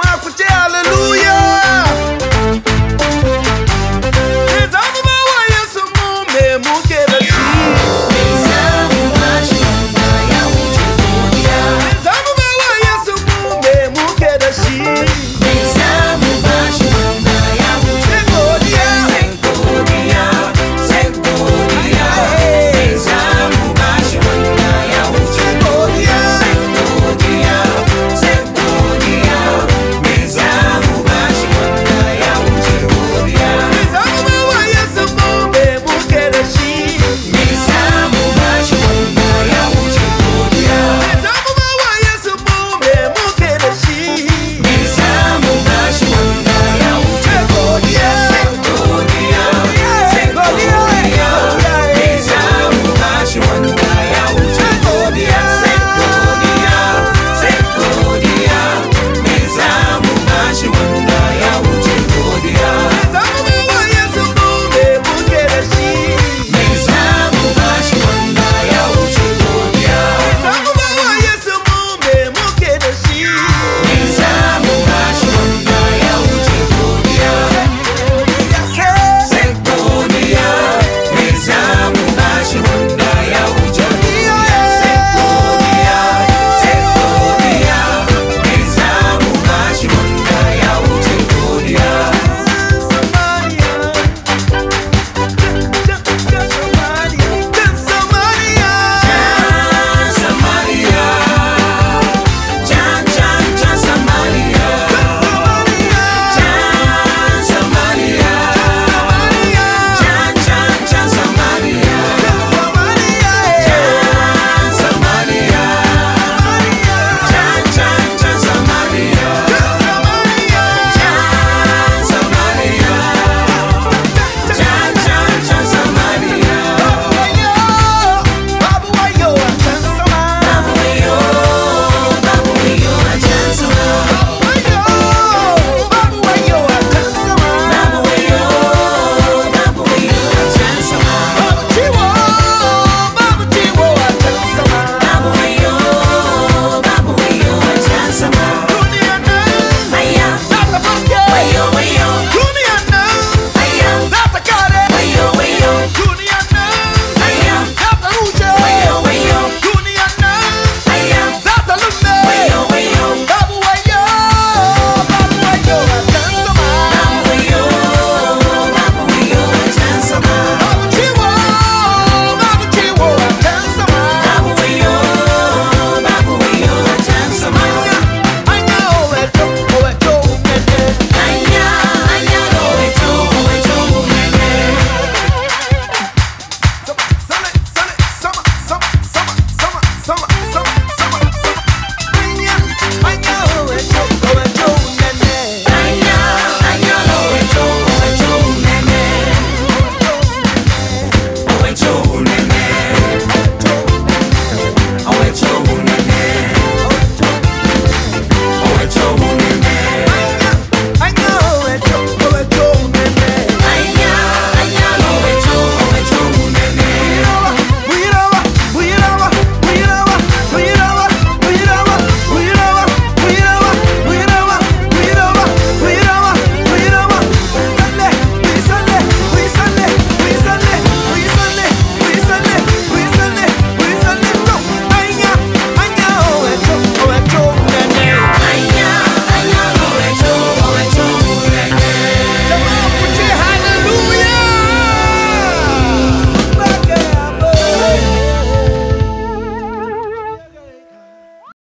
chamar, curtir aleluia.